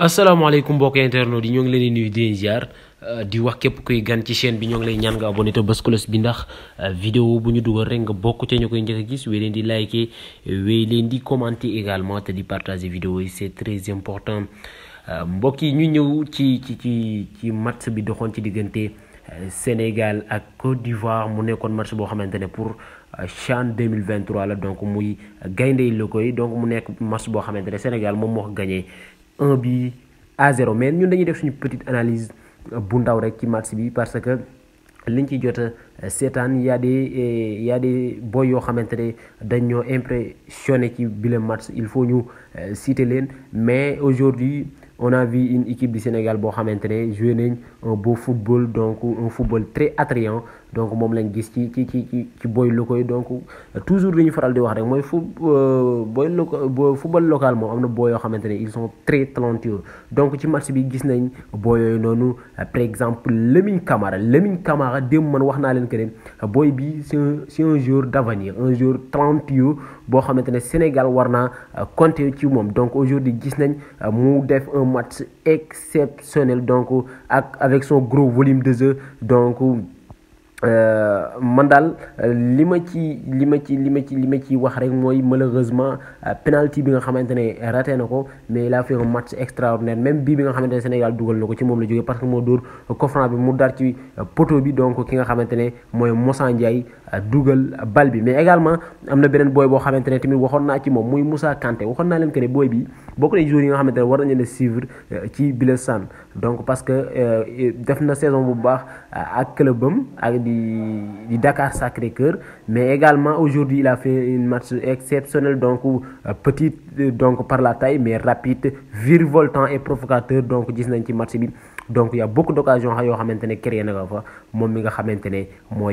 asalaamaaleykum mbokk Internet. yi ñu ngi leen di nuyu di leen ziar euh, di wax képp kuy gan ci chaîne bi ñu ngi lay ñaan nga abonné te bës bi ndax euh, vidéo bu ñu dugal rek nga bokk ca ñu koy njëkk a gis wéy leen di liker wéy leen commenter également te di partager vidéo yi c'est très important euh, mbokk yi ñu ñëw ci ci ci ci match bi doxoon ci diggante Sénégal ak Côte d'Ivoire mu nekkoon match boo xamante ne pour CHAN 2023 la donc muy gaynde yi la koy donc mu nekk match boo xamante ne Sénégal moom moo 1 bi à 0 mais ñun dañuy def suñu petite analyse euh, bu ndaw rek ci match bi parce que euh, liñ ci jot setan euh, seetaan y a des y a des boy yo xamantene dañ ñoo impressionné ci bile match il faut ñu citer len mais aujourd'hui on a vu une équipe du Sénégal bo xamantene jouer joué nañ un beau football donc un football très attrayant donc mom lañ gis ci ci ci ci boy locaux donc toujours li ñu faral di wax rek moy euh, boy local football local moom amna boy yo xamanteni ils sont très talentueux donc ci match bi gis nañ boy yo nonu par exemple Lemine Camara Lemine Camara dem man wax na len que boy bi c'est un jour d'avenir un jour talentueux bo xamanteni Sénégal warna euh, compter ci mom donc aujourd'hui gis nañ euh, mu def un match exceptionnel donc ak avec son gros volume de jeu donc euh, man daal li ma ci li ma ci li ma ci li ci wax rek mooy malheureusement euh, penalty bi nga xamante ne raté na mais il a fait un match extraordinaire même bii bi nga xamante ne Sénégal dugal na ko ci moom la jógee parce que moo tour coffrant bi mu dar ci euh, poteau bi donc ki nga xamante ne mooy Moussa Ndiaye dugal bal bi mais également am na beneen booy boo xamante ne tamit waxoon naa ci moom muy Moussa Kanté waxoon naa leen que ne boy bi bokk na joueurs yi nga xamante ne war nañu la suivre ci Bilesan donc parce que def na saison bu baax ak club am ak du, Dakar Sacré-Cœur. Mais également, aujourd'hui, il a fait une match exceptionnelle, donc euh, petite euh, donc, par la taille, mais rapide, virevoltant et provocateur. Donc, match Donc, il y a beaucoup d'occasions à maintenir, créer, moi,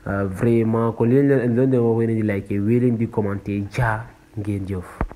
Euh, vraiment kon li leen leen andi doon de moo koy leen di liker wéy ngeen jëf.